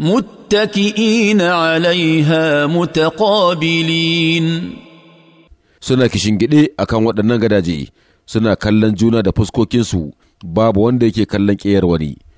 متكئين عليها متقابلين suna kishingiɗe a kan waɗannan gadaje suna kallon juna da fuskokinsu babu wanda yake kallon ƙeyar wani